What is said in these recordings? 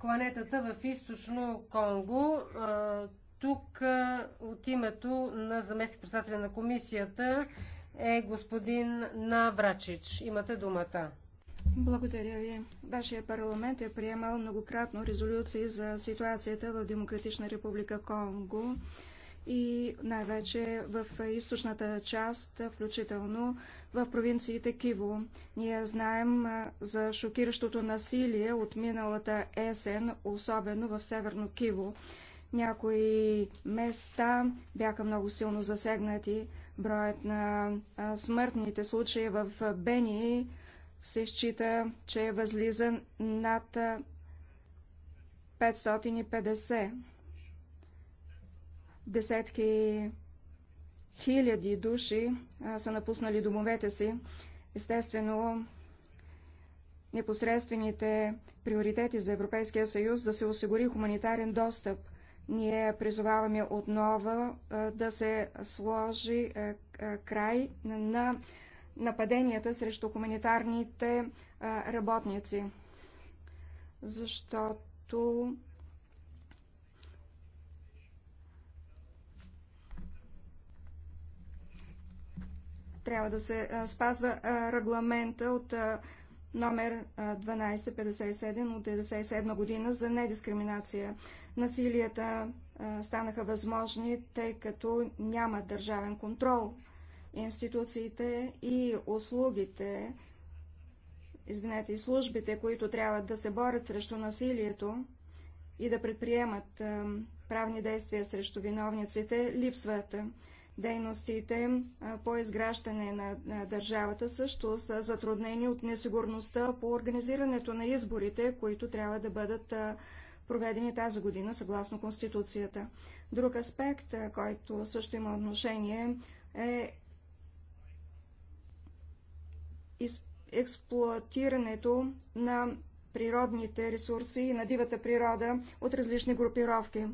кланетата в източно Конго. Тук от името на заместник председателя на комисията е господин Наврачич. Имате думата. Благодаря ви. Вашия парламент е приемал многократно резолюции за ситуацията в Демократична република Конго и най-вече в източната част, включително в провинциите Киво. Ние знаем за шокиращото насилие от миналата есен, особено в Северно Киво. Някои места бяха много силно засегнати. Броят на смъртните случаи в Бени се счита, че е възлизан над 550. Десетки хиляди души са напуснали домовете си. Естествено, непосредствените приоритети за Европейския съюз да се осигури хуманитарен достъп. Ние призоваваме отново да се сложи край на нападенията срещу хуманитарните работници, защото трябва да се спазва регламента от номер 1257 от 1997 година за недискриминация. Насилията станаха възможни, тъй като няма държавен контрол. Институциите и услугите, извинете, и службите, които трябва да се борят срещу насилието и да предприемат правни действия срещу виновниците, липсват. Дейностите по изграждане на държавата също са затруднени от несигурността по организирането на изборите, които трябва да бъдат проведени тази година съгласно Конституцията. Друг аспект, който също има отношение, е експлуатирането на природните ресурси и на дивата природа от различни групировки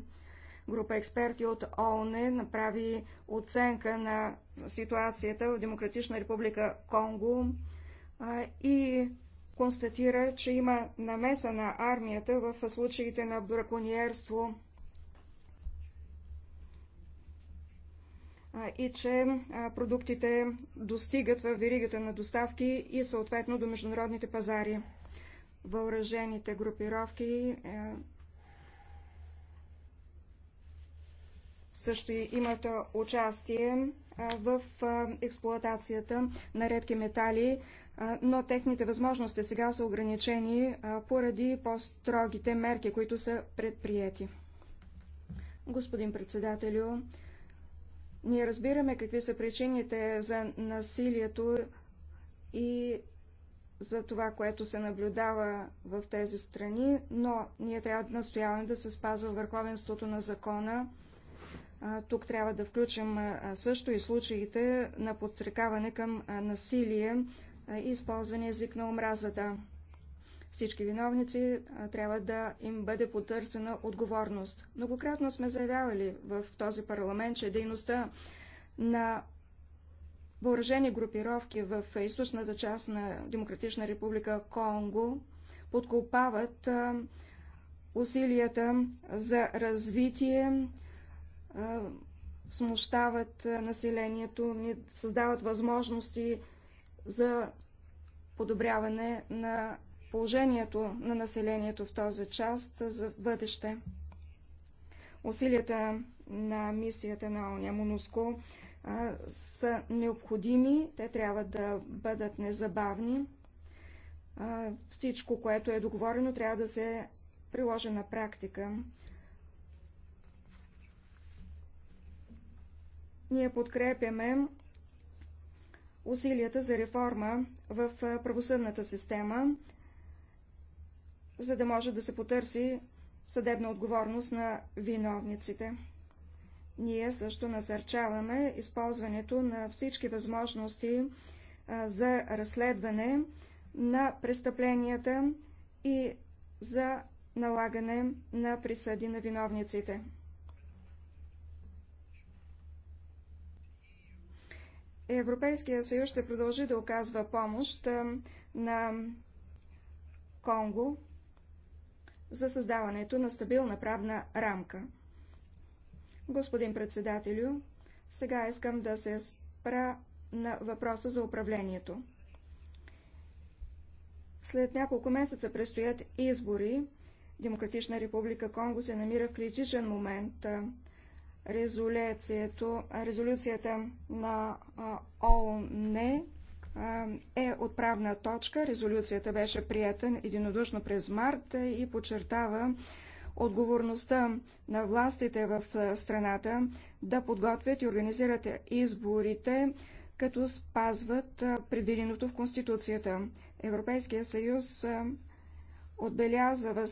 група експерти от ООН направи оценка на ситуацията в Демократична република Конго и констатира, че има намеса на армията в случаите на браконьерство и че продуктите достигат в веригата на доставки и съответно до международните пазари. Въоръжените групировки е, също имат участие в експлоатацията на редки метали, но техните възможности сега са ограничени поради по-строгите мерки, които са предприяти. Господин председателю, ние разбираме какви са причините за насилието и за това, което се наблюдава в тези страни, но ние трябва да настояваме да се спазва върховенството на закона, тук трябва да включим също и случаите на подстрекаване към насилие и използване език на омразата. Всички виновници трябва да им бъде потърсена отговорност. Многократно сме заявявали в този парламент, че дейността на въоръжени групировки в източната част на Демократична република Конго подкопават усилията за развитие смущават населението, ни създават възможности за подобряване на положението на населението в този част за бъдеще. Усилията на мисията на ОНЯ МОНУСКО са необходими, те трябва да бъдат незабавни. всичко, което е договорено, трябва да се приложи на практика. Ние подкрепяме усилията за реформа в правосъдната система, за да може да се потърси съдебна отговорност на виновниците. Ние също насърчаваме използването на всички възможности за разследване на престъпленията и за налагане на присъди на виновниците. Европейския съюз ще продължи да оказва помощ на Конго за създаването на стабилна правна рамка. Господин председателю, сега искам да се спра на въпроса за управлението. След няколко месеца предстоят избори. Демократична република Конго се намира в критичен момент резолюцията на ООН е отправна точка. Резолюцията беше приятен единодушно през март и подчертава отговорността на властите в страната да подготвят и организират изборите, като спазват предвиденото в Конституцията. Европейския съюз отбелязва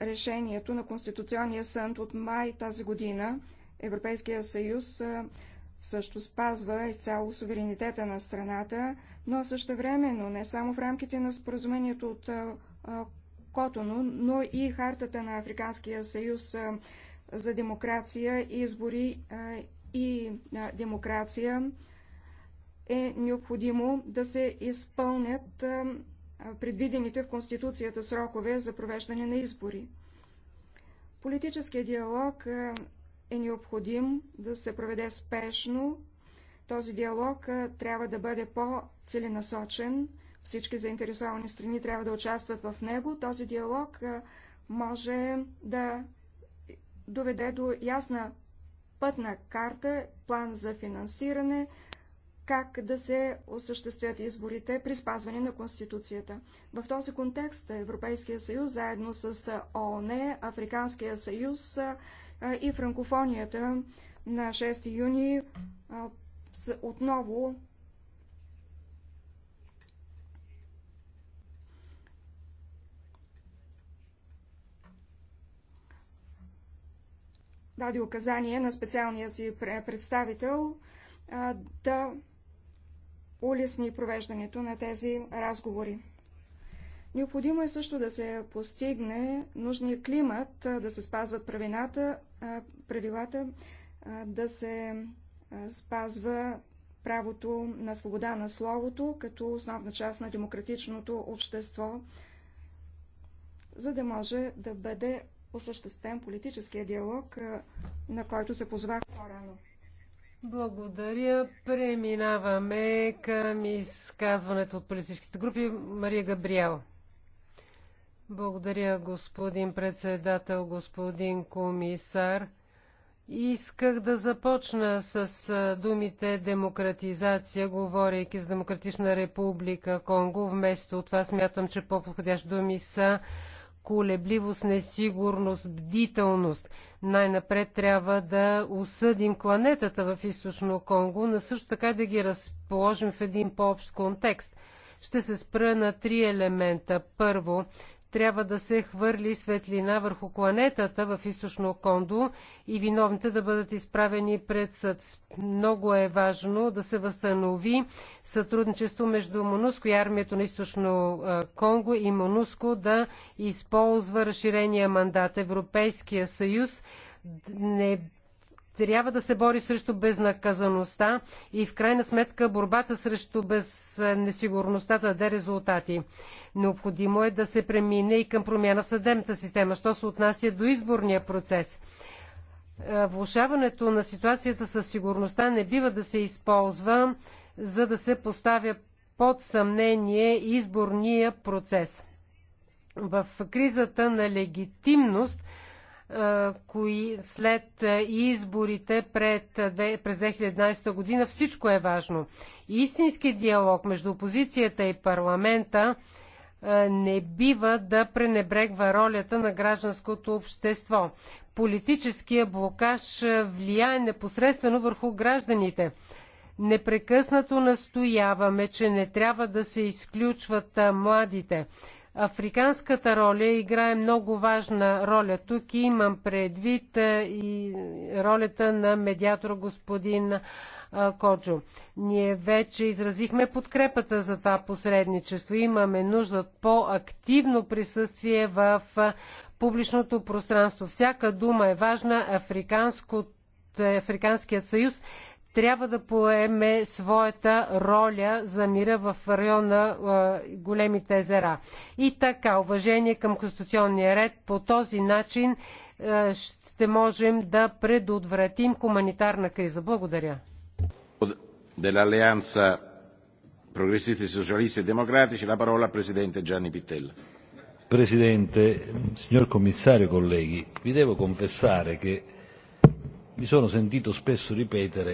решението на Конституционния съд от май тази година, Европейския съюз също спазва изцяло суверенитета на страната, но също времено не само в рамките на споразумението от Котоно, но и хартата на Африканския съюз за демокрация, избори и демокрация е необходимо да се изпълнят предвидените в Конституцията срокове за провеждане на избори. Политическият диалог е необходим да се проведе спешно. Този диалог трябва да бъде по-целенасочен. Всички заинтересовани страни трябва да участват в него. Този диалог може да доведе до ясна пътна карта, план за финансиране, как да се осъществят изборите при спазване на Конституцията. В този контекст Европейския съюз, заедно с ООН, Африканския съюз и франкофонията на 6 юни отново даде указание на специалния си представител да улесни провеждането на тези разговори. Необходимо е също да се постигне нужния климат, да се спазват правината, правилата, да се спазва правото на свобода на словото като основна част на демократичното общество, за да може да бъде осъществен политическия диалог, на който се позвах по-рано. Благодаря. Преминаваме към изказването от политическите групи. Мария Габриел. Благодаря, господин председател, господин комисар. Исках да започна с думите демократизация, говорейки с Демократична република Конго. Вместо това смятам, че по-подходящи думи са колебливост, несигурност, бдителност. Най-напред трябва да осъдим кланетата в източно Конго, но също така да ги разположим в един по-общ контекст. Ще се спра на три елемента. Първо, трябва да се хвърли светлина върху планетата в източно Кондо и виновните да бъдат изправени пред съд. Много е важно да се възстанови сътрудничество между МОНУСКО и армията на източно Конго и МОНУСКО да използва разширения мандат. Европейския съюз не трябва да се бори срещу безнаказаността и в крайна сметка борбата срещу без несигурността да даде резултати. Необходимо е да се премине и към промяна в съдебната система, що се отнася до изборния процес. Е, влушаването на ситуацията със сигурността не бива да се използва, за да се поставя под съмнение изборния процес. В кризата на легитимност кои след изборите пред, през 2011 година всичко е важно. Истински диалог между опозицията и парламента не бива да пренебрегва ролята на гражданското общество. Политическия блокаж влияе непосредствено върху гражданите. Непрекъснато настояваме, че не трябва да се изключват младите. Африканската роля играе много важна роля. Тук имам предвид е, и ролята на медиатор господин е, Коджо. Ние вече изразихме подкрепата за това посредничество. Имаме нужда от по-активно присъствие в е, публичното пространство. Всяка дума е важна. Африканският съюз трябва да поеме своята роля за мира в района е, Големите езера. И така, уважение към конституционния ред, по този начин е, ще можем да предотвратим хуманитарна криза. Благодаря. Dell'Alleanza Progressisti Socialisti e Democratici la parola al Presidente Gianni Pittella. Presidente, signor Commissario, colleghi, vi devo confessare che mi sono sentito spesso ripetere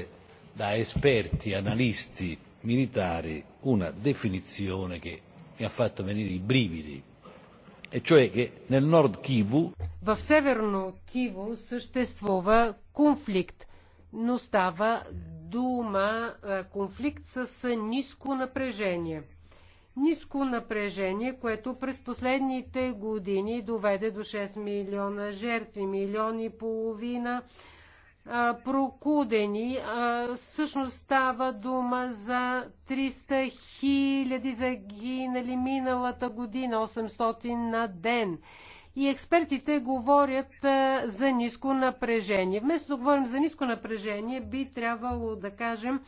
da esperti, analisti militari, una definizione che mi ha fatto venire i brividi, e cioè che nel Nord Kivu... В Северно Киво съществува конфликт, но става дума конфликт с ниско напрежение. Ниско напрежение, което през последните години доведе до 6 милиона жертви, милиони и половина прокудени. Всъщност става дума за 300 хиляди загинали миналата година, 800 на ден. И експертите говорят за ниско напрежение. Вместо да говорим за ниско напрежение, би трябвало да кажем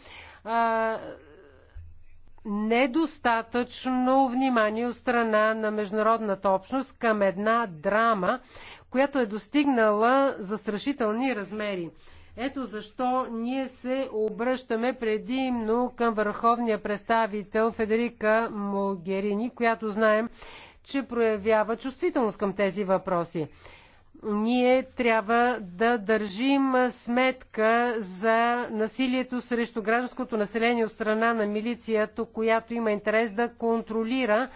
недостатъчно внимание от страна на международната общност към една драма, която е достигнала застрашителни размери. Ето защо ние се обръщаме предимно към върховния представител Федерика Могерини, която знаем, че проявява чувствителност към тези въпроси. Ние трябва да държим сметка за насилието срещу гражданското население от страна на милицията, която има интерес да контролира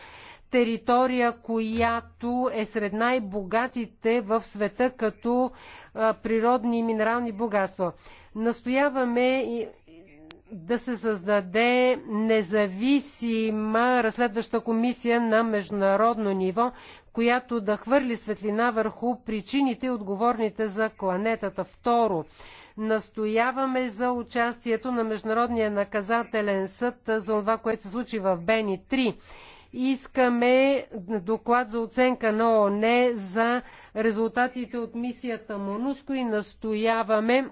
територия, която е сред най-богатите в света като природни и минерални богатства. Настояваме да се създаде независима разследваща комисия на международно ниво, която да хвърли светлина върху причините и отговорните за кланетата. Второ, настояваме за участието на Международния наказателен съд за това, което се случи в Бени Искаме доклад за оценка на ООН за резултатите от мисията МОНУСКО и настояваме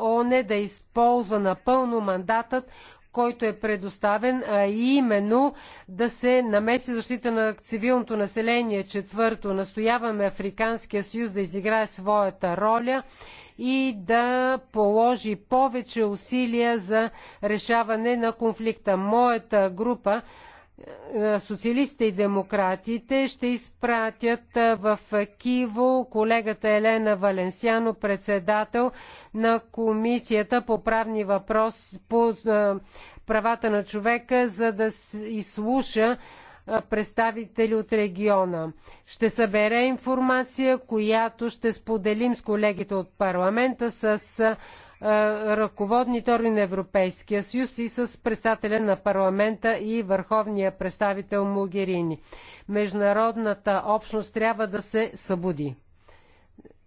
ООН е да използва напълно мандатът, който е предоставен, а именно да се намеси защита на цивилното население. Четвърто, настояваме Африканския съюз да изиграе своята роля и да положи повече усилия за решаване на конфликта. Моята група е, социалистите и демократите ще изпратят е, в Киво колегата Елена Валенсяно, председател на Комисията по правни въпроси по е, правата на човека, за да изслуша представители от региона. Ще събере информация, която ще споделим с колегите от парламента, с е, ръководните органи на Европейския съюз и с председателя на парламента и върховния представител Могерини. Международната общност трябва да се събуди.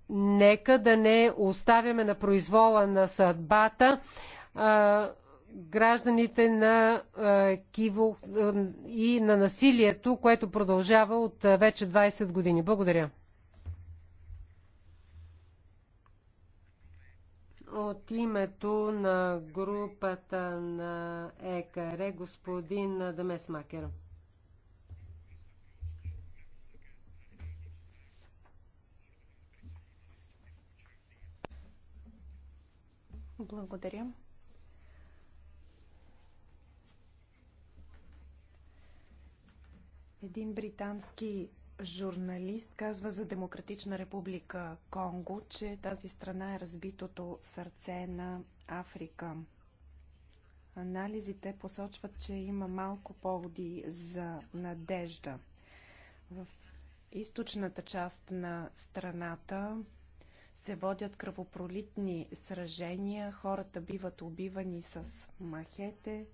Нека да не оставяме на произвола на съдбата а, е, гражданите на а, е, Киво а, и на насилието, което продължава от вече 20 години. Благодаря. От името на групата на ЕКР, господин Дамес Макер. Благодаря. Един британски журналист казва за Демократична република Конго, че тази страна е разбитото сърце на Африка. Анализите посочват, че има малко поводи за надежда. В източната част на страната се водят кръвопролитни сражения, хората биват убивани с махете,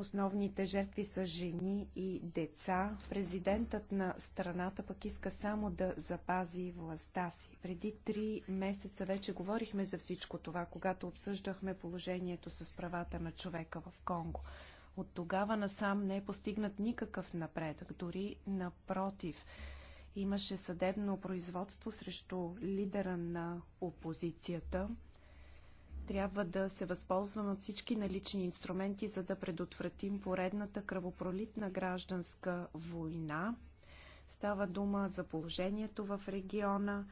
Основните жертви са жени и деца. Президентът на страната пък иска само да запази властта си. Преди три месеца вече говорихме за всичко това, когато обсъждахме положението с правата на човека в Конго. От тогава насам не е постигнат никакъв напредък, дори напротив. Имаше съдебно производство срещу лидера на опозицията – трябва да се възползваме от всички налични инструменти, за да предотвратим поредната кръвопролитна гражданска война. Става дума за положението в региона,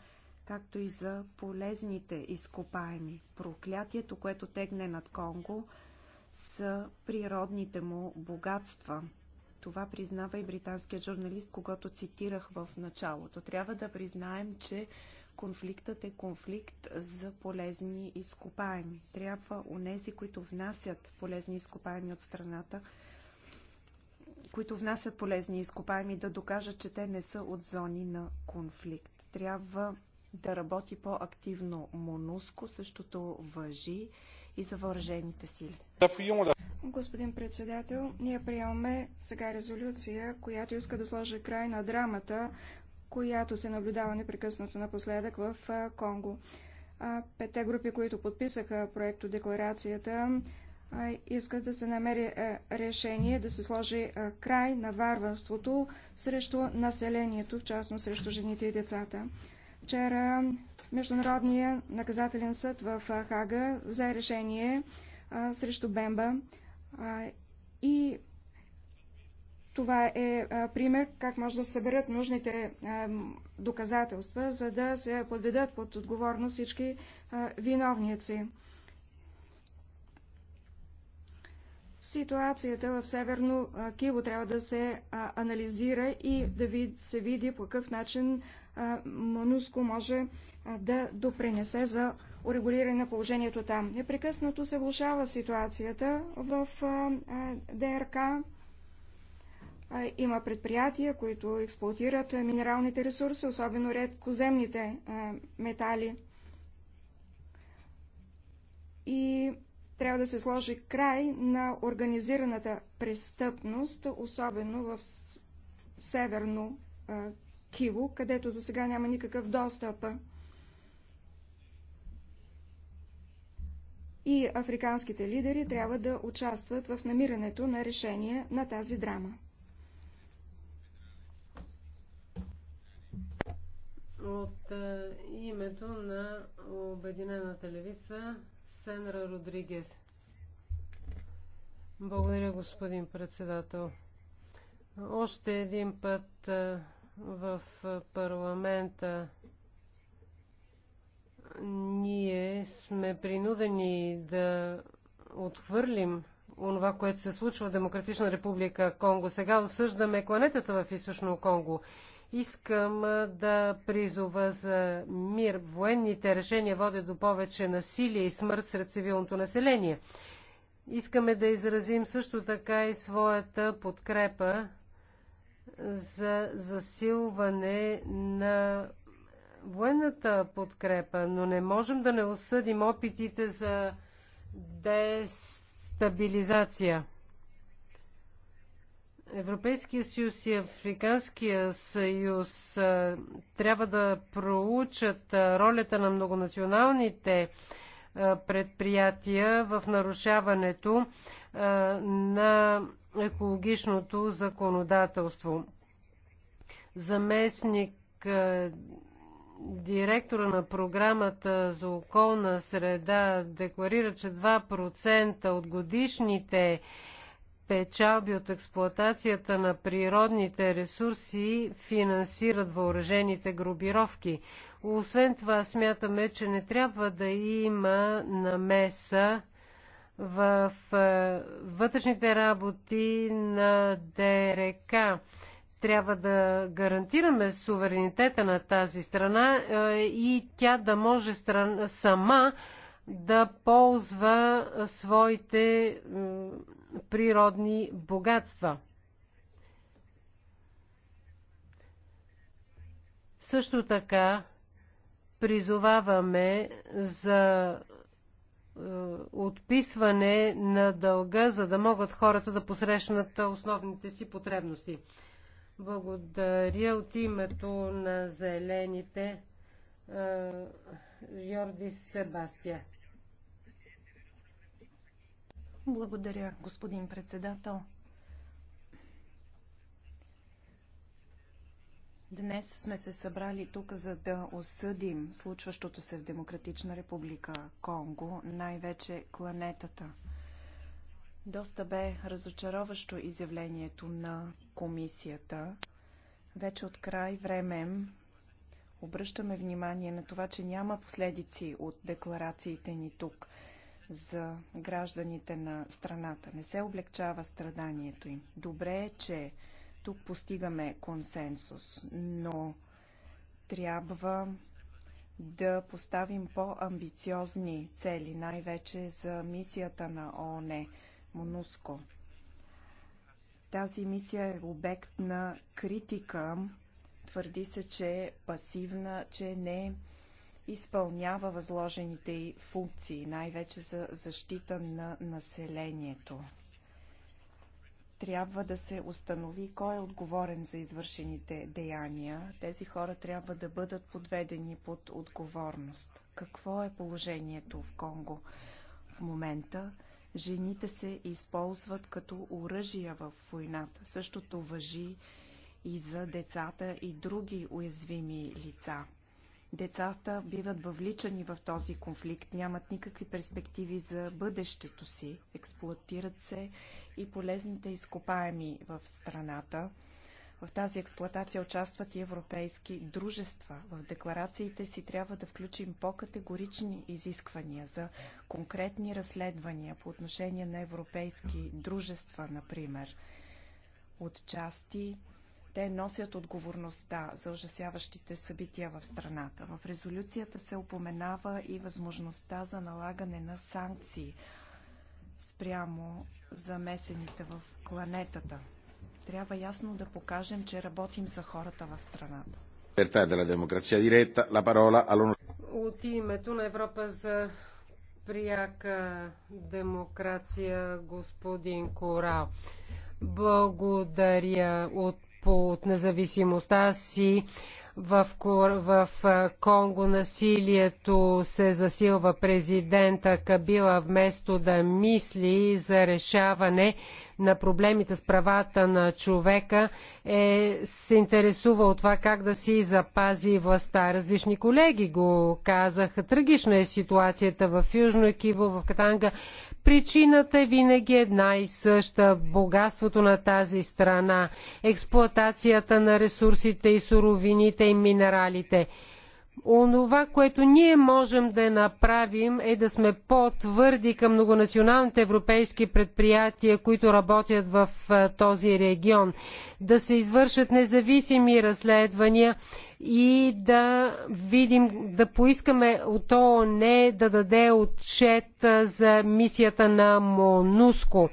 както и за полезните изкопаеми. Проклятието, което тегне над Конго, са природните му богатства. Това признава и британският журналист, когато цитирах в началото. Трябва да признаем, че конфликтът е конфликт за полезни изкопаеми. Трябва унези, които внасят полезни изкопаеми от страната, които внасят полезни изкопаеми, да докажат, че те не са от зони на конфликт. Трябва да работи по-активно МОНУСКО, същото въжи и за въоръжените сили. Господин председател, ние приемаме сега резолюция, която иска да сложи край на драмата която се наблюдава непрекъснато напоследък в Конго. Пете групи, които подписаха проекто декларацията, искат да се намери решение да се сложи край на варварството срещу населението, в частност срещу жените и децата. Вчера Международният наказателен съд в Хага взе решение срещу Бемба и това е а, пример как може да съберат нужните а, доказателства, за да се подведат под отговорност всички а, виновници. Ситуацията в Северно Киво трябва да се анализира и да ви, се види по какъв начин Мануско може да допринесе за урегулиране на положението там. Непрекъснато се влушава ситуацията в ДРК. Има предприятия, които експлуатират минералните ресурси, особено редкоземните метали. И трябва да се сложи край на организираната престъпност, особено в северно Киво, където за сега няма никакъв достъп. И африканските лидери трябва да участват в намирането на решение на тази драма. От е, името на Обединената левица Сенра Родригес. Благодаря, господин председател. Още един път е, в парламента ние сме принудени да отхвърлим онова, което се случва в Демократична република Конго. Сега осъждаме кланетата в Източно Конго Искам да призова за мир. Военните решения водят до повече насилие и смърт сред цивилното население. Искаме да изразим също така и своята подкрепа за засилване на военната подкрепа, но не можем да не осъдим опитите за дестабилизация. Европейския съюз и Африканския съюз трябва да проучат ролята на многонационалните предприятия в нарушаването на екологичното законодателство. Заместник директора на програмата за околна среда декларира, че 2% от годишните печалби от експлоатацията на природните ресурси финансират въоръжените групировки. Освен това, смятаме, че не трябва да има намеса в е, вътрешните работи на ДРК. Трябва да гарантираме суверенитета на тази страна е, и тя да може сама да ползва своите природни богатства. Също така призоваваме за е, отписване на дълга, за да могат хората да посрещнат основните си потребности. Благодаря от името на зелените е, Йорди Себастия. Благодаря, господин председател. Днес сме се събрали тук, за да осъдим случващото се в Демократична република Конго, най-вече кланетата. Доста бе разочароващо изявлението на комисията. Вече от край време обръщаме внимание на това, че няма последици от декларациите ни тук за гражданите на страната. Не се облегчава страданието им. Добре е, че тук постигаме консенсус, но трябва да поставим по-амбициозни цели, най-вече за мисията на ООН МОНУСКО. Тази мисия е обект на критика. Твърди се, че е пасивна, че не е изпълнява възложените й функции, най-вече за защита на населението. Трябва да се установи кой е отговорен за извършените деяния. Тези хора трябва да бъдат подведени под отговорност. Какво е положението в Конго в момента? Жените се използват като оръжия в войната. Същото въжи и за децата и други уязвими лица. Децата биват въвличани в този конфликт, нямат никакви перспективи за бъдещето си, експлуатират се и полезните изкопаеми в страната. В тази експлоатация участват и европейски дружества. В декларациите си трябва да включим по-категорични изисквания за конкретни разследвания по отношение на европейски дружества, например. Отчасти те носят отговорността за ужасяващите събития в страната. В резолюцията се упоменава и възможността за налагане на санкции спрямо замесените в кланетата. Трябва ясно да покажем, че работим за хората в страната. От името на Европа за пряка демокрация, господин Корал. Благодаря от по, от независимостта си в, в Конго насилието се засилва президента Кабила вместо да мисли за решаване на проблемите с правата на човека е, се интересува от това как да си запази властта. Различни колеги го казаха. Трагична е ситуацията в Южно Киво, в Катанга. Причината е винаги една и съща. Богатството на тази страна, експлоатацията на ресурсите и суровините и минералите – Онова, което ние можем да направим е да сме по-твърди към многонационалните европейски предприятия, които работят в този регион, да се извършат независими разследвания и да видим, да поискаме от ООН да даде отчет за мисията на МОНУСКО.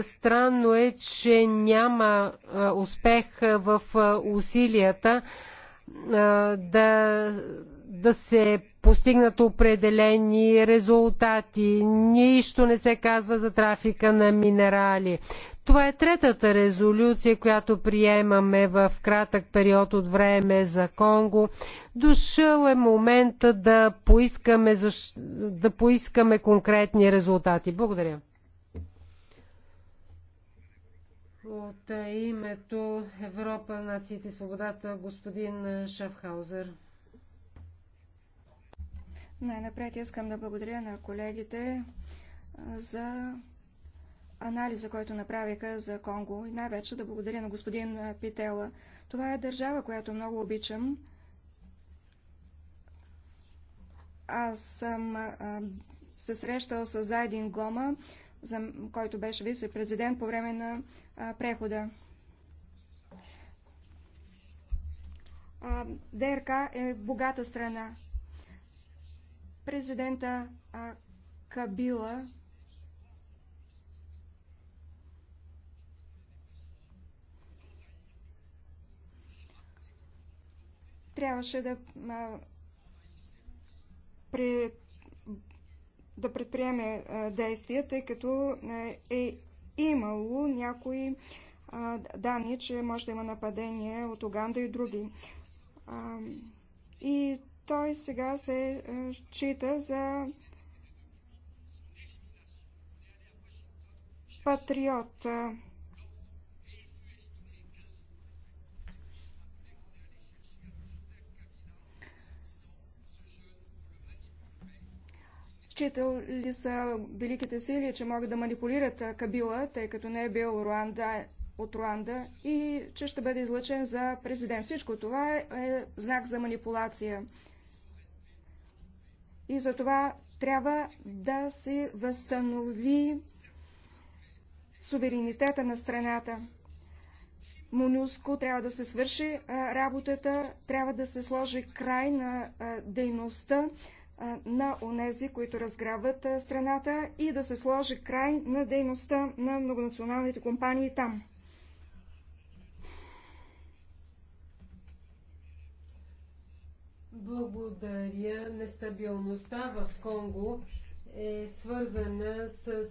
Странно е, че няма успех в усилията да, да се постигнат определени резултати. Нищо не се казва за трафика на минерали. Това е третата резолюция, която приемаме в кратък период от време за Конго. Дошъл е момента да поискаме, да поискаме конкретни резултати. Благодаря. От името Европа, нациите и свободата, господин Шафхаузер. Най-напред искам да благодаря на колегите за анализа, който направиха за Конго и най-вече да благодаря на господин Питела. Това е държава, която много обичам. Аз съм се срещал с Зайдин Гома, за, който беше вице-президент по време на прехода. ДРК е богата страна. Президента Кабила трябваше да, а, при, да предприеме действия, тъй като е имало някои данни, че може да има нападение от Уганда и други. и той сега се чита за патриот. Считал ли са Великите сили, че могат да манипулират Кабила, тъй като не е бил Руанда, от Руанда и че ще бъде излъчен за президент? Всичко това е знак за манипулация. И за това трябва да се възстанови суверенитета на страната. Монуско трябва да се свърши работата, трябва да се сложи край на дейността на онези, които разграбват страната и да се сложи край на дейността на многонационалните компании там. Благодаря. Нестабилността в Конго е свързана с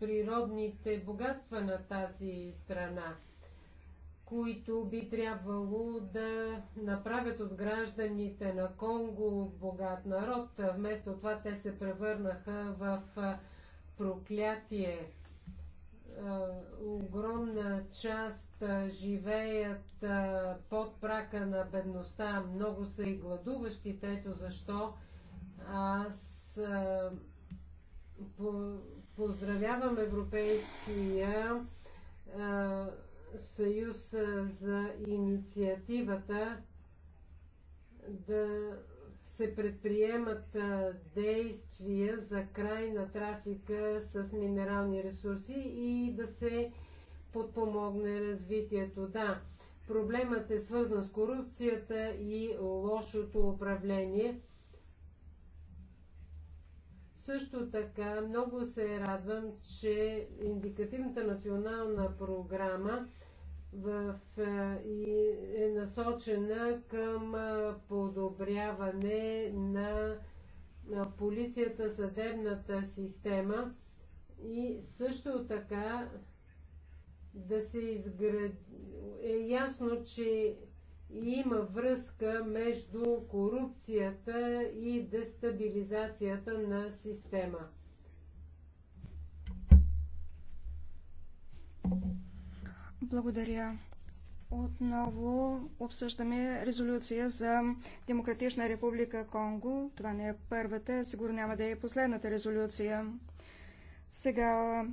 природните богатства на тази страна които би трябвало да направят от гражданите на Конго богат народ. Вместо това те се превърнаха в проклятие. Огромна част живеят под прака на бедността. Много са и гладуващите. Ето защо аз поздравявам Европейския съюз за инициативата да се предприемат действия за край на трафика с минерални ресурси и да се подпомогне развитието. Да, проблемът е свързан с корупцията и лошото управление – също така много се радвам, че индикативната национална програма в, е, е насочена към е, подобряване на полицията, съдебната система и също така да се изгради. Е ясно, че има връзка между корупцията и дестабилизацията на система. Благодаря. Отново обсъждаме резолюция за Демократична република Конго. Това не е първата, сигурно няма да е последната резолюция. Сега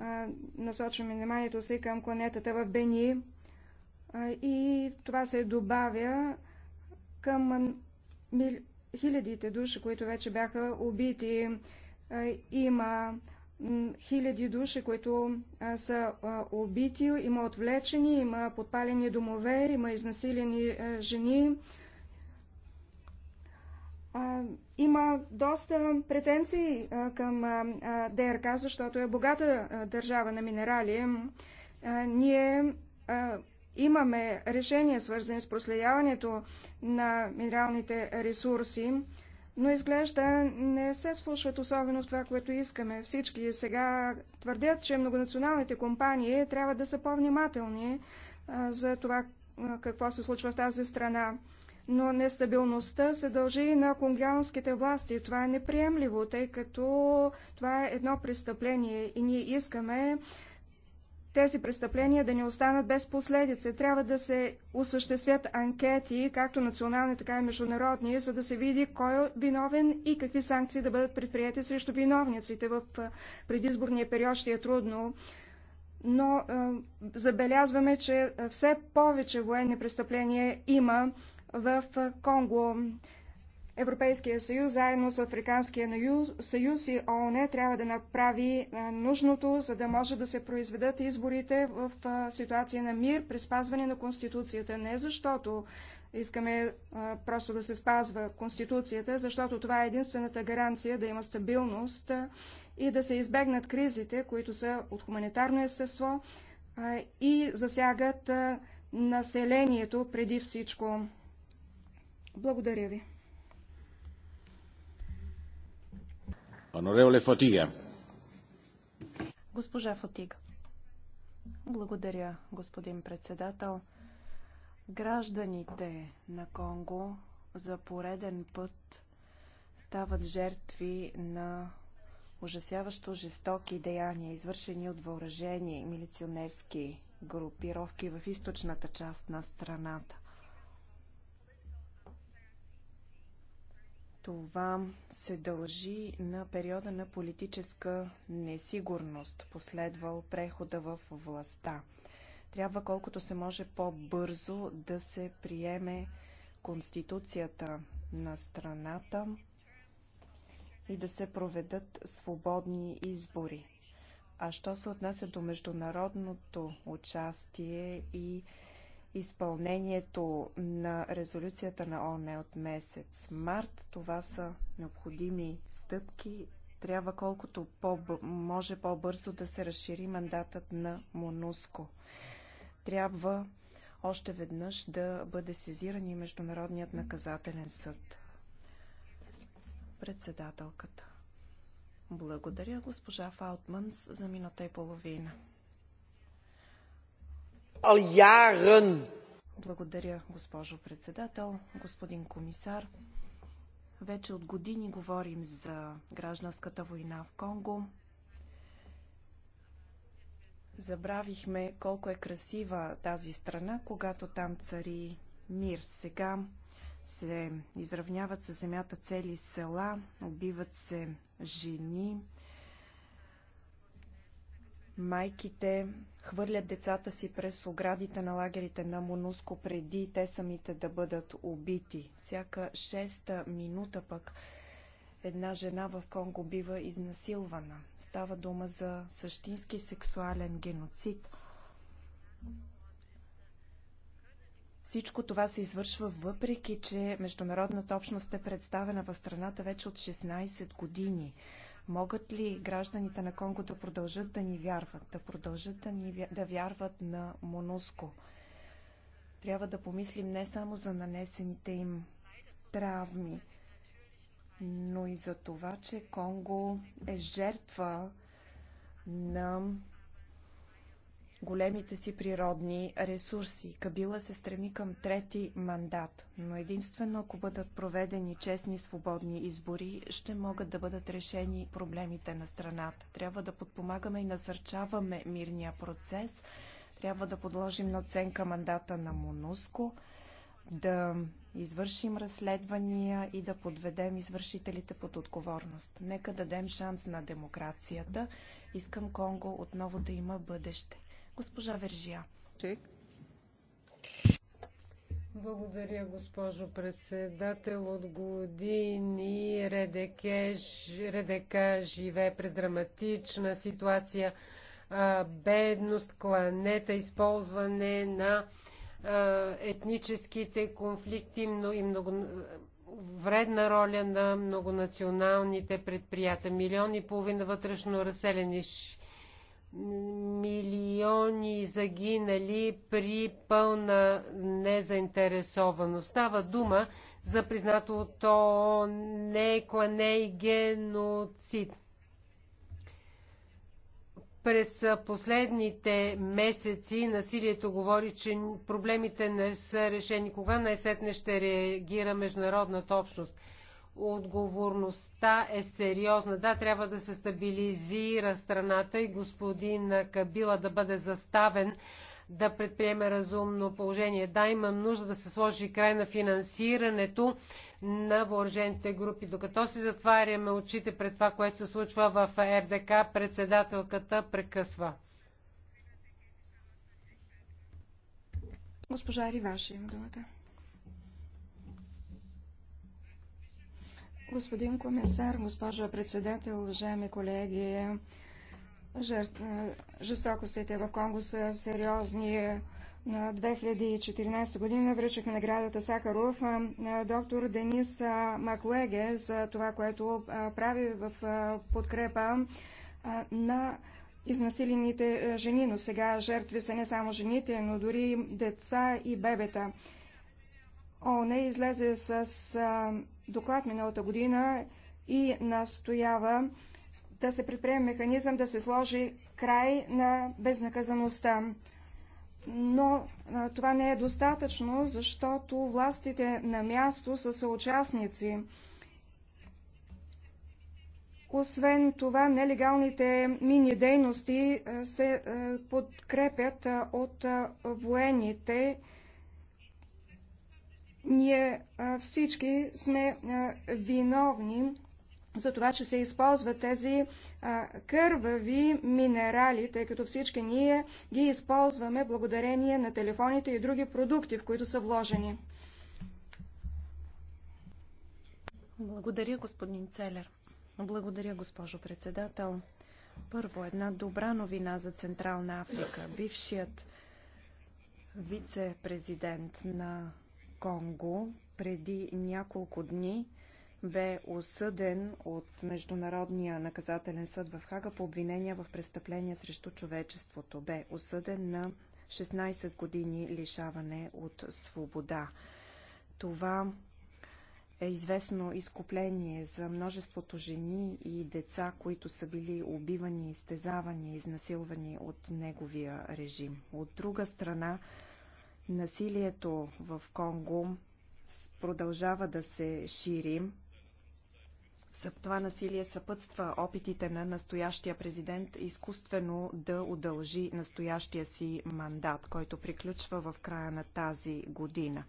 а, насочваме вниманието си към планетата в Бени, и това се добавя към хилядите души, които вече бяха убити. Има хиляди души, които са убити, има отвлечени, има подпалени домове, има изнасилени жени. Има доста претенции към ДРК, защото е богата държава на минерали. Ние Имаме решения, свързани с проследяването на минералните ресурси, но изглежда не се вслушват особено в това, което искаме. Всички сега твърдят, че многонационалните компании трябва да са по-внимателни за това, какво се случва в тази страна. Но нестабилността се дължи на конгианските власти. Това е неприемливо, тъй като това е едно престъпление и ние искаме тези престъпления да не останат без последици. Трябва да се осъществят анкети, както национални, така и международни, за да се види кой е виновен и какви санкции да бъдат предприяти срещу виновниците. В предизборния период ще е трудно, но е, забелязваме, че все повече военни престъпления има в Конго. Европейския съюз заедно с Африканския съюз и ООН трябва да направи нужното, за да може да се произведат изборите в ситуация на мир при спазване на Конституцията. Не защото искаме просто да се спазва Конституцията, защото това е единствената гаранция да има стабилност и да се избегнат кризите, които са от хуманитарно естество и засягат населението преди всичко. Благодаря ви. Фатига. Госпожа Фатига. Благодаря, господин председател. Гражданите на Конго за пореден път стават жертви на ужасяващо жестоки деяния, извършени от въоръжени милиционерски групировки в източната част на страната. Това се дължи на периода на политическа несигурност, последвал прехода в властта. Трябва колкото се може по-бързо да се приеме конституцията на страната и да се проведат свободни избори. А що се отнася до международното участие и изпълнението на резолюцията на ОНЕ от месец март. Това са необходими стъпки. Трябва колкото по може по-бързо да се разшири мандатът на МОНУСКО. Трябва още веднъж да бъде сезиран и Международният наказателен съд. Председателката. Благодаря госпожа Фаутманс за минута и половина. Благодаря, госпожо председател, господин комисар. Вече от години говорим за гражданската война в Конго. Забравихме колко е красива тази страна, когато там цари мир. Сега се изравняват със земята цели села, убиват се жени, майките хвърлят децата си през оградите на лагерите на Монуско преди те самите да бъдат убити. Всяка шеста минута пък една жена в Конго бива изнасилвана. Става дума за същински сексуален геноцид. Всичко това се извършва въпреки, че международната общност е представена в страната вече от 16 години. Могат ли гражданите на Конго да продължат да ни вярват, да продължат да, ни, да вярват на Монуско? Трябва да помислим не само за нанесените им травми, но и за това, че Конго е жертва на големите си природни ресурси. Кабила се стреми към трети мандат, но единствено ако бъдат проведени честни, свободни избори, ще могат да бъдат решени проблемите на страната. Трябва да подпомагаме и насърчаваме мирния процес, трябва да подложим на оценка мандата на МОНУСКО, да извършим разследвания и да подведем извършителите под отговорност. Нека дадем шанс на демокрацията. Искам Конго отново да има бъдеще. Госпожа Вержия. Благодаря, госпожо председател. От години РДК, живее през драматична ситуация. бедност, кланета, използване на етническите конфликти и много вредна роля на многонационалните предприятия. Милион и половина вътрешно разселени милиони загинали при пълна незаинтересованост. Става дума за признатото не е клане и е геноцид. През последните месеци насилието говори, че проблемите не са решени. Кога най-сетне ще реагира международната общност? отговорността е сериозна. Да, трябва да се стабилизира страната и господин Кабила да бъде заставен да предприеме разумно положение. Да, има нужда да се сложи край на финансирането на въоръжените групи. Докато си затваряме очите пред това, което се случва в РДК, председателката прекъсва. Госпожа Риваши има думата. Господин комисар, госпожа председател, уважаеми колеги, жестокостите в Конго са сериозни. На 2014 година връчахме наградата Сахаров на доктор Денис Макуеге за това, което прави в подкрепа на изнасилените жени, но сега жертви са не само жените, но дори деца и бебета. ООН излезе с доклад миналата година и настоява да се предприеме механизъм да се сложи край на безнаказаността. Но а, това не е достатъчно, защото властите на място са съучастници. Освен това, нелегалните мини дейности се подкрепят от военните ние всички сме виновни за това, че се използват тези а, кървави минерали, тъй като всички ние ги използваме благодарение на телефоните и други продукти, в които са вложени. Благодаря, господин Целер. Благодаря, госпожо председател. Първо, една добра новина за Централна Африка. Бившият вице-президент на Конго преди няколко дни бе осъден от Международния наказателен съд в Хага по обвинения в престъпления срещу човечеството. Бе осъден на 16 години лишаване от свобода. Това е известно изкупление за множеството жени и деца, които са били убивани, изтезавани, изнасилвани от неговия режим. От друга страна, Насилието в Конго продължава да се шири. Това насилие съпътства опитите на настоящия президент изкуствено да удължи настоящия си мандат, който приключва в края на тази година.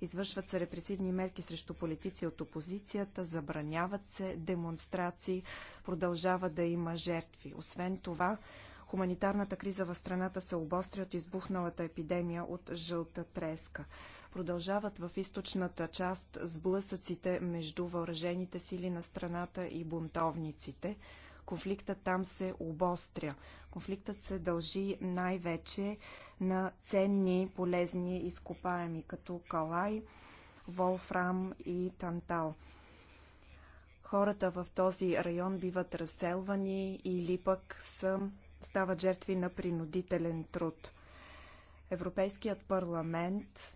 Извършват се репресивни мерки срещу политици от опозицията, забраняват се демонстрации, продължава да има жертви. Освен това, Хуманитарната криза в страната се обостри от избухналата епидемия от жълта треска. Продължават в източната част сблъсъците между въоръжените сили на страната и бунтовниците. Конфликтът там се обостря. Конфликтът се дължи най-вече на ценни полезни изкопаеми, като калай, волфрам и тантал. Хората в този район биват разселвани или пък са стават жертви на принудителен труд. Европейският парламент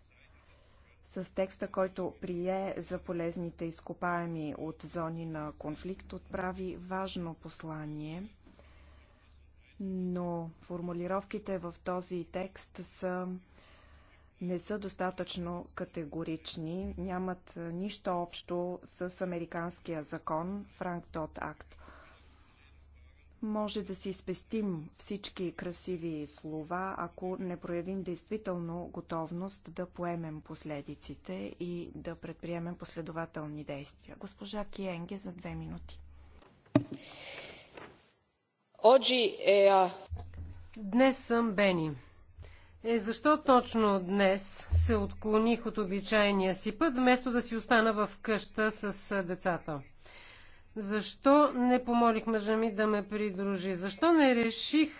с текста, който прие за полезните изкопаеми от зони на конфликт, отправи важно послание, но формулировките в този текст са не са достатъчно категорични, нямат нищо общо с американския закон Франк Тот Акт. Може да си спестим всички красиви слова, ако не проявим действително готовност да поемем последиците и да предприемем последователни действия. Госпожа Киенге за две минути. Е, днес съм Бени. Е, защо точно днес се отклоних от обичайния си път, вместо да си остана в къща с децата? Защо не помолих мъжа ми да ме придружи? Защо не реших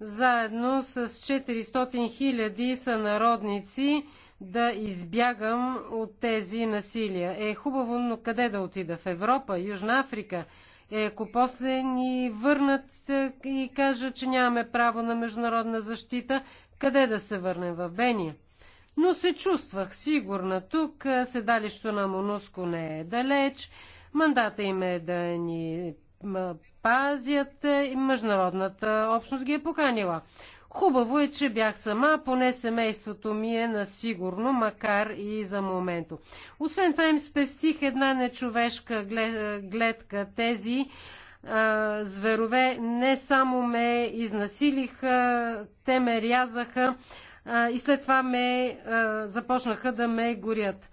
заедно с 400 хиляди сънародници да избягам от тези насилия? Е, хубаво, но къде да отида? В Европа, Южна Африка? Е, ако после ни върнат и кажат, че нямаме право на международна защита, къде да се върнем в Бения? Но се чувствах сигурна тук, седалището на Монуско не е далеч, Мандата им е да ни пазят е, и международната общност ги е поканила. Хубаво е, че бях сама, поне семейството ми е насигурно, макар и за моменто. Освен това им спестих една нечовешка е, гледка. Тези а, е, зверове не само ме изнасилиха, те ме рязаха а, и след това ме а, започнаха да ме горят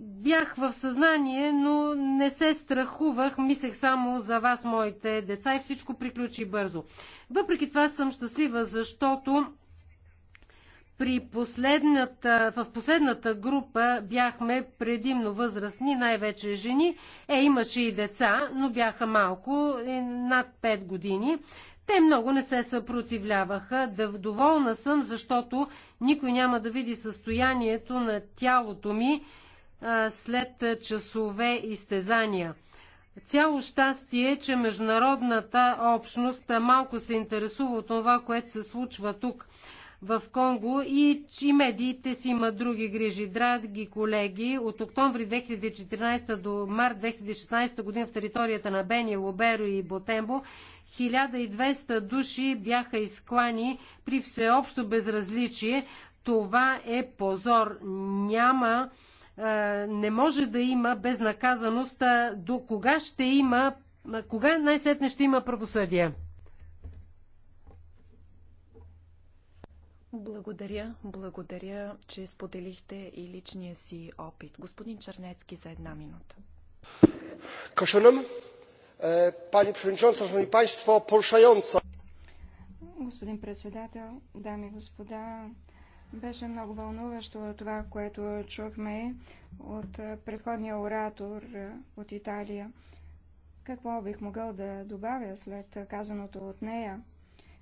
бях в съзнание, но не се страхувах. Мислех само за вас, моите деца и всичко приключи бързо. Въпреки това съм щастлива, защото при последната, в последната група бяхме предимно възрастни, най-вече жени. Е, имаше и деца, но бяха малко, е, над 5 години. Те много не се съпротивляваха. Да, доволна съм, защото никой няма да види състоянието на тялото ми след часове изтезания. Цяло щастие, че международната общност малко се интересува от това, което се случва тук в Конго и, и медиите си имат други грижи. Драги колеги, от октомври 2014 до март 2016 година в територията на Бени, Лоберо и Ботембо 1200 души бяха изклани при всеобщо безразличие. Това е позор. Няма не може да има безнаказаност. До кога ще има, кога най-сетне ще има правосъдие? Благодаря, благодаря, че споделихте и личния си опит. Господин Чернецки за една минута. Кошелем, е, пани Пренчонца, шановни państwo, Господин председател, дами и господа, беше много вълнуващо това, което чухме от предходния оратор от Италия. Какво бих могъл да добавя след казаното от нея?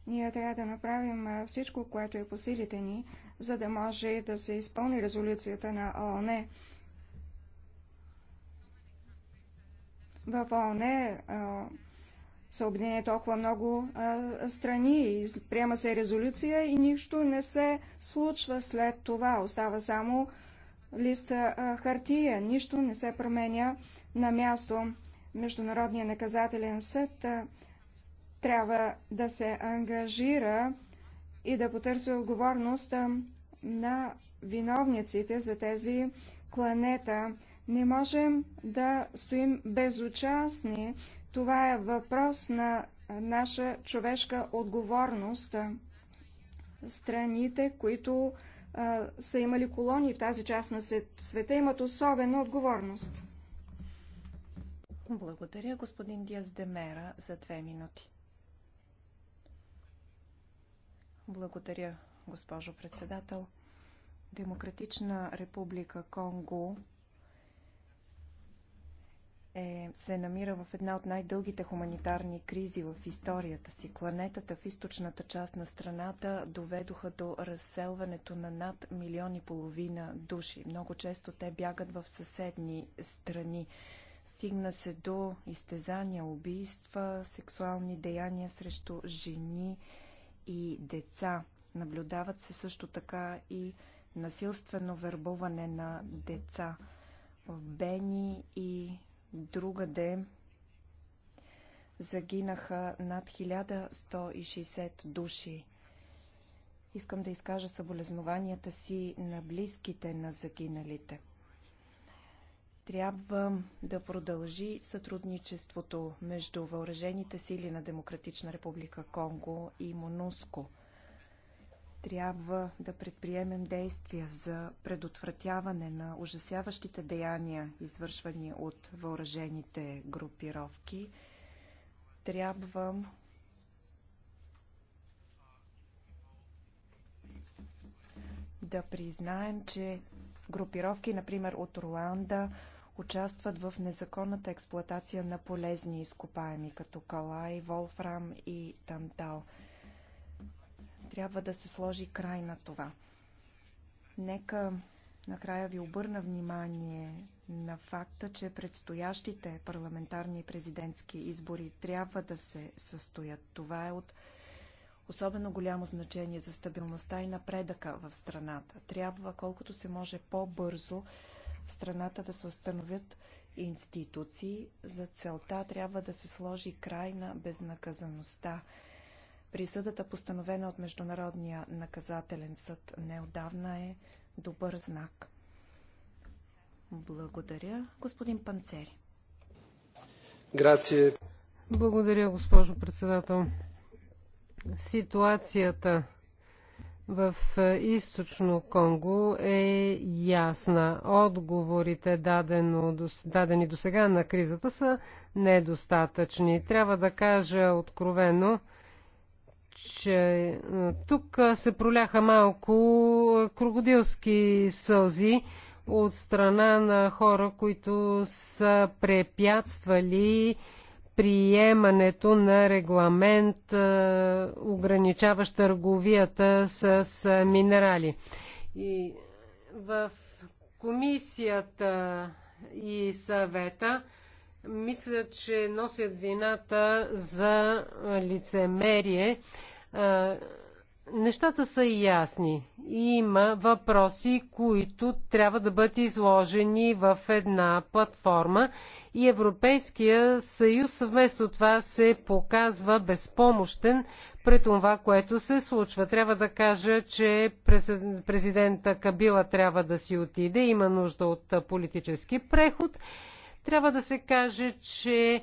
Ние трябва да направим всичко, което е по силите ни, за да може да се изпълни резолюцията на ООН. В ООН са обединени е толкова много а, страни и приема се резолюция и нищо не се случва след това. Остава само листа а, хартия. Нищо не се променя на място. Международният наказателен съд а, трябва да се ангажира и да потърси отговорност а, на виновниците за тези кланета. Не можем да стоим безучастни това е въпрос на наша човешка отговорност. Страните, които а, са имали колонии в тази част на света, имат особена отговорност. Благодаря, господин Диас Демера, за две минути. Благодаря, госпожо председател. Демократична република Конго е, се намира в една от най-дългите хуманитарни кризи в историята си. Кланетата в източната част на страната доведоха до разселването на над милион и половина души. Много често те бягат в съседни страни. Стигна се до изтезания, убийства, сексуални деяния срещу жени и деца. Наблюдават се също така и насилствено вербуване на деца. В Бени и Другаде загинаха над 1160 души. Искам да изкажа съболезнованията си на близките на загиналите. Трябва да продължи сътрудничеството между въоръжените сили на Демократична република Конго и Монуско – трябва да предприемем действия за предотвратяване на ужасяващите деяния, извършвани от въоръжените групировки. Трябва да признаем, че групировки, например от Руанда, участват в незаконната експлоатация на полезни изкопаеми, като калай, волфрам и тантал – трябва да се сложи край на това. Нека накрая ви обърна внимание на факта, че предстоящите парламентарни и президентски избори трябва да се състоят. Това е от особено голямо значение за стабилността и напредъка в страната. Трябва колкото се може по-бързо в страната да се установят институции. За целта трябва да се сложи край на безнаказаността. Присъдата, постановена от Международния наказателен съд неодавна е добър знак. Благодаря, господин Панцери. Грация. Благодаря, госпожо председател. Ситуацията в е, източно Конго е ясна. Отговорите, дадено, дадени до сега на кризата, са недостатъчни. Трябва да кажа откровено, че е, тук е, се проляха малко е, крокодилски сълзи от страна на хора, които са препятствали приемането на регламент, ограничаващ търговията с минерали. И в комисията и съвета мисля, че носят вината за лицемерие. Нещата са ясни. Има въпроси, които трябва да бъдат изложени в една платформа и Европейския съюз вместо това се показва безпомощен пред това, което се случва. Трябва да кажа, че президента Кабила трябва да си отиде, има нужда от политически преход трябва да се каже, че е,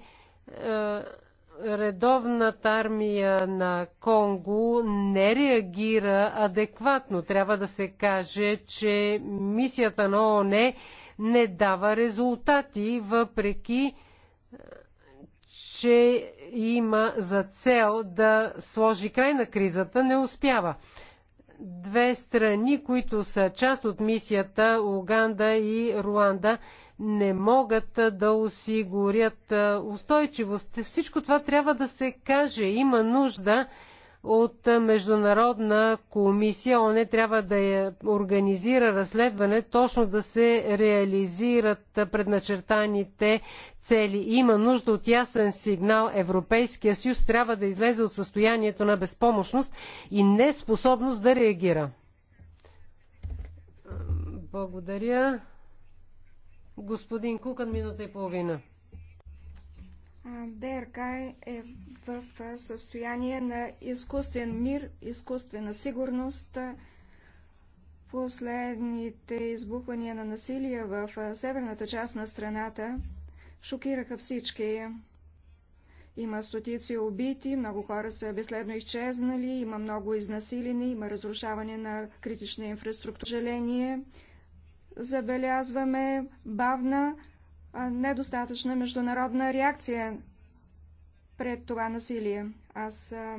редовната армия на Конго не реагира адекватно. Трябва да се каже, че мисията на ООН не дава резултати, въпреки е, че има за цел да сложи край на кризата, не успява две страни, които са част от мисията Уганда и Руанда, не могат да осигурят устойчивост. Всичко това трябва да се каже. Има нужда от Международна комисия. ОНЕ трябва да я организира разследване, точно да се реализират предначертаните цели. Има нужда от ясен сигнал. Европейския съюз трябва да излезе от състоянието на безпомощност и неспособност да реагира. Благодаря. Господин Кукан, минута и половина. ДРК е в състояние на изкуствен мир, изкуствена сигурност. Последните избухвания на насилие в северната част на страната шокираха всички. Има стотици убити, много хора са безследно изчезнали, има много изнасилени, има разрушаване на критична инфраструктура. Жаление, забелязваме бавна недостатъчна международна реакция пред това насилие. Аз а,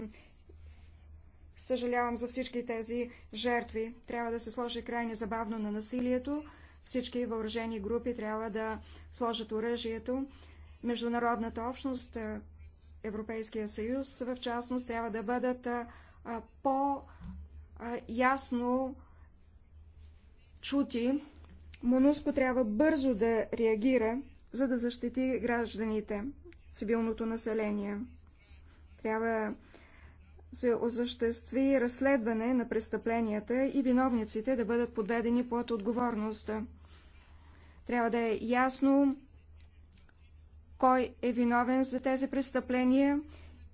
съжалявам за всички тези жертви. Трябва да се сложи край незабавно на насилието. Всички въоръжени групи трябва да сложат оръжието. Международната общност, Европейския съюз в частност, трябва да бъдат по-ясно чути Монуско трябва бързо да реагира, за да защити гражданите, цивилното население. Трябва се осъществи разследване на престъпленията и виновниците да бъдат подведени под отговорността. Трябва да е ясно кой е виновен за тези престъпления,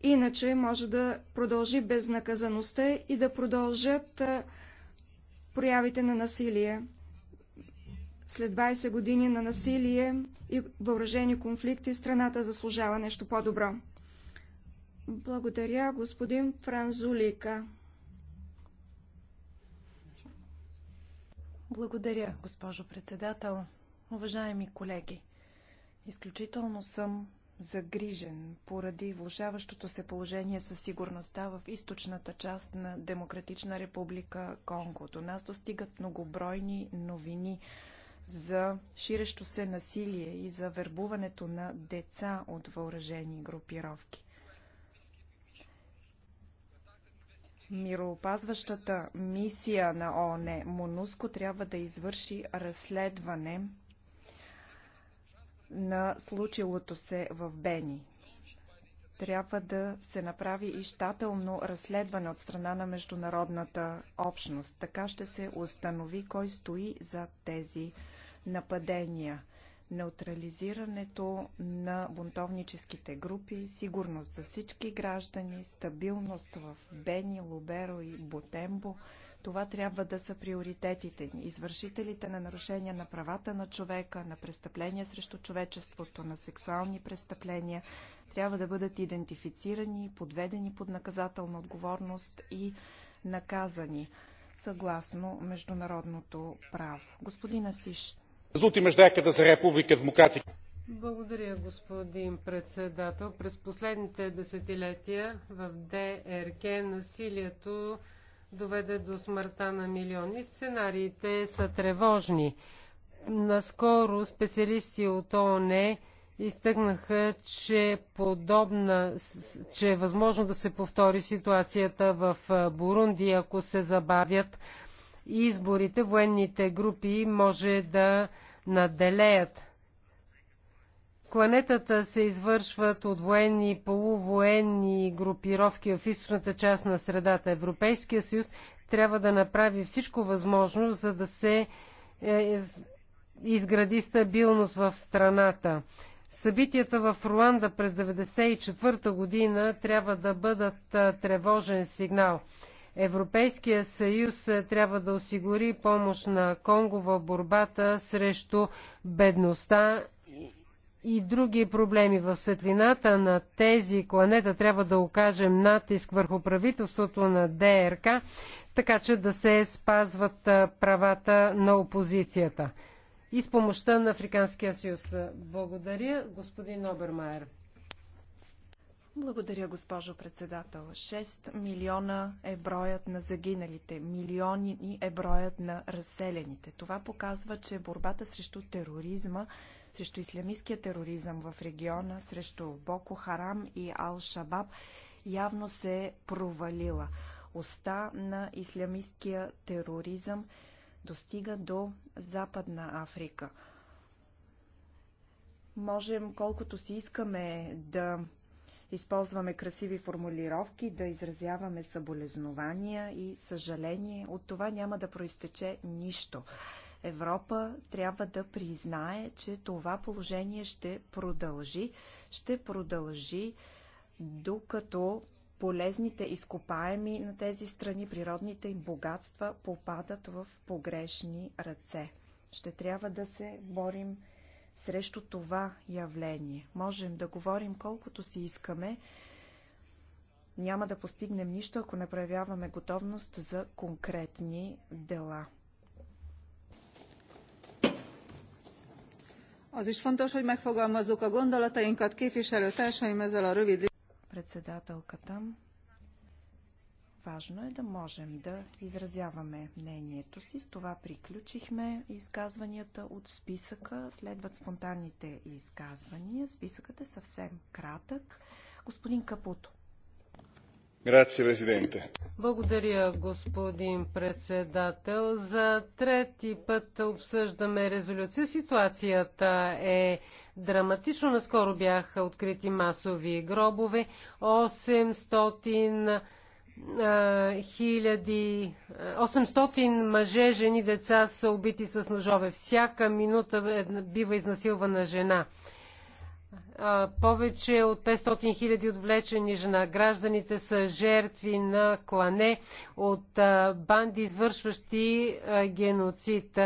иначе може да продължи безнаказаността и да продължат проявите на насилие. След 20 години на насилие и въоръжени конфликти страната заслужава нещо по-добро. Благодаря, господин Франзулика. Благодаря, госпожо председател. Уважаеми колеги, изключително съм загрижен поради влушаващото се положение със сигурността в източната част на Демократична република Конго. До нас достигат многобройни новини за ширещо се насилие и за вербуването на деца от въоръжени групировки. Мироопазващата мисия на ООН МОНУСКО трябва да извърши разследване на случилото се в Бени. Трябва да се направи и щателно разследване от страна на международната общност. Така ще се установи кой стои за тези нападения. Неутрализирането на бунтовническите групи, сигурност за всички граждани, стабилност в Бени, Луберо и Ботембо – това трябва да са приоритетите ни. Извършителите на нарушения на правата на човека, на престъпления срещу човечеството, на сексуални престъпления трябва да бъдат идентифицирани, подведени под наказателна отговорност и наказани съгласно международното право. Господин Асиш, за últimas décadas, a República Democrática. Благодаря, господин председател. През последните десетилетия в ДРК насилието доведе до смъртта на милиони. Сценариите са тревожни. Наскоро специалисти от ООН изтъкнаха, че, подобна, че е възможно да се повтори ситуацията в Бурунди, ако се забавят изборите военните групи може да наделеят. Кланетата се извършват от военни и полувоенни групировки в източната част на средата. Европейския съюз трябва да направи всичко възможно, за да се е, изгради стабилност в страната. Събитията в Руанда през 1994 година трябва да бъдат е, тревожен сигнал. Европейския съюз е, трябва да осигури помощ на Конго в борбата срещу бедността и други проблеми. В светлината на тези кланета трябва да окажем натиск върху правителството на ДРК, така че да се спазват е, правата на опозицията. И с помощта на Африканския съюз. Благодаря, господин Обермайер. Благодаря, госпожо председател. 6 милиона е броят на загиналите, милиони е броят на разселените. Това показва, че борбата срещу тероризма, срещу ислямистския тероризъм в региона, срещу Боко Харам и Ал-Шабаб явно се е провалила. Оста на ислямистския тероризъм достига до Западна Африка. Можем колкото си искаме да използваме красиви формулировки, да изразяваме съболезнования и съжаление. От това няма да проистече нищо. Европа трябва да признае, че това положение ще продължи, ще продължи докато полезните изкопаеми на тези страни, природните им богатства попадат в погрешни ръце. Ще трябва да се борим срещу това явление. Можем да говорим колкото си искаме, няма да постигнем нищо, ако не проявяваме готовност за конкретни дела. Az is fontos, hogy megfogalmazzuk a gondolatainkat ezzel a rövid... Председателката Важно е да можем да изразяваме мнението си. С това приключихме изказванията от списъка. Следват спонтанните изказвания. Списъкът е съвсем кратък. Господин Капуто. Благодаря, господин председател. За трети път обсъждаме резолюция. Ситуацията е драматично. Наскоро бяха открити масови гробове. 800 800 мъже, жени, деца са убити с ножове. Всяка минута е, бива изнасилвана жена. Повече от 500 хиляди отвлечени жена. Гражданите са жертви на клане от банди, извършващи геноцид.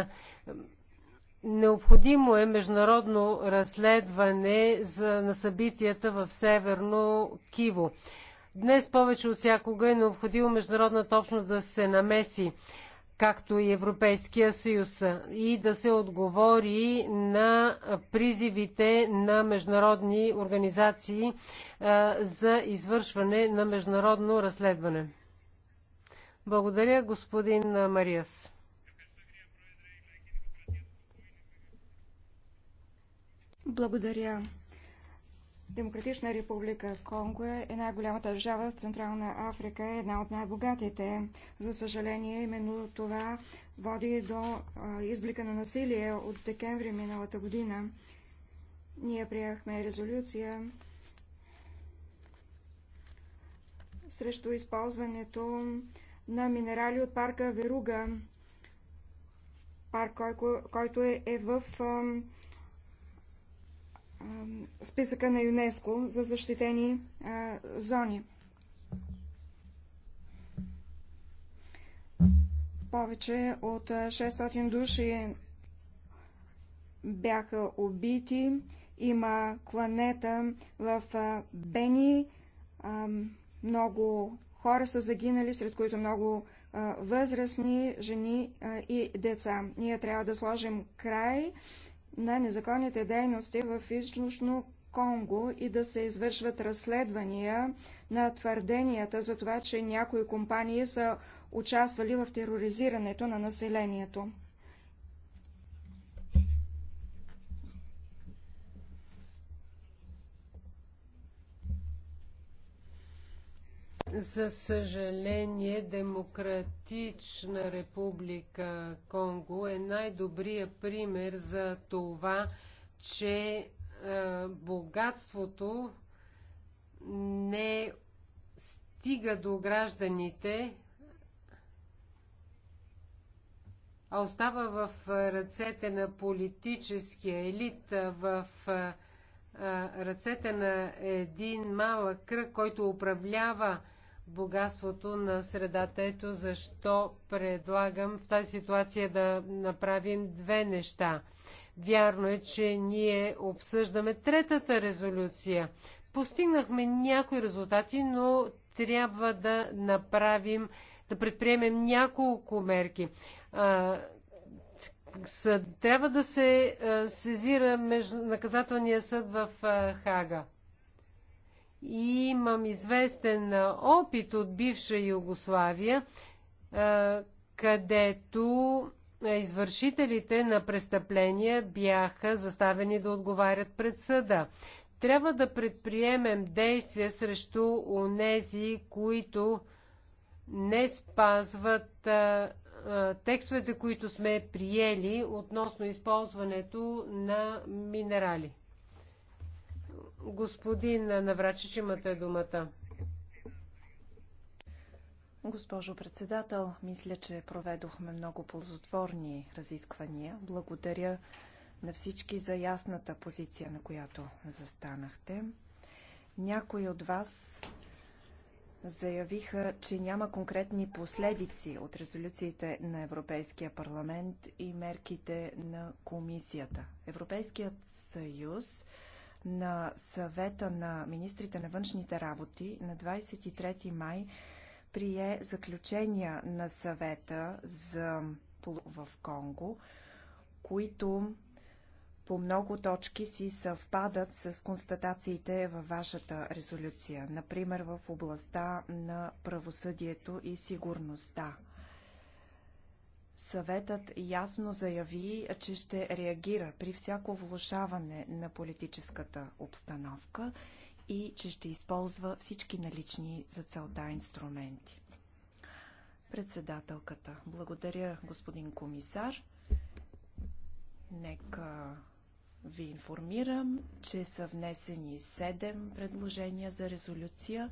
Необходимо е международно разследване за, на събитията в Северно Киво. Днес повече от всякога е необходимо международната общност да се намеси, както и Европейския съюз, и да се отговори на призивите на международни организации за извършване на международно разследване. Благодаря, господин Мариас. Благодаря, Демократична република Конго е най-голямата държава в Централна Африка, е една от най-богатите. За съжаление, именно това води до изблика на насилие от декември миналата година. Ние приехме резолюция срещу използването на минерали от парка Веруга, парк, който е, е в списъка на ЮНЕСКО за защитени зони. Повече от 600 души бяха убити. Има кланета в Бени. много хора са загинали, сред които много възрастни жени и деца. Ние трябва да сложим край на незаконните дейности в източно Конго и да се извършват разследвания на твърденията за това, че някои компании са участвали в тероризирането на населението. За съжаление, Демократична република Конго е най-добрият пример за това, че богатството не стига до гражданите, а остава в ръцете на политическия елит, в ръцете на един малък кръг, който управлява богатството на средата. Ето защо предлагам в тази ситуация да направим две неща. Вярно е, че ние обсъждаме третата резолюция. Постигнахме някои резултати, но трябва да направим, да предприемем няколко мерки. трябва да се сезира между наказателния съд в Хага. И имам известен опит от бивша Югославия, където извършителите на престъпления бяха заставени да отговарят пред съда. Трябва да предприемем действия срещу онези, които не спазват а, а, текстовете, които сме приели относно използването на минерали. Господин Наврачич, имате думата. Госпожо председател, мисля, че проведохме много ползотворни разисквания. Благодаря на всички за ясната позиция, на която застанахте. Някои от вас заявиха, че няма конкретни последици от резолюциите на Европейския парламент и мерките на комисията. Европейският съюз на съвета на министрите на външните работи на 23 май прие заключения на съвета за в Конго, които по много точки си съвпадат с констатациите във вашата резолюция, например в областта на правосъдието и сигурността. Съветът ясно заяви, че ще реагира при всяко влушаване на политическата обстановка и че ще използва всички налични за целта инструменти. Председателката. Благодаря, господин комисар. Нека ви информирам, че са внесени 7 предложения за резолюция.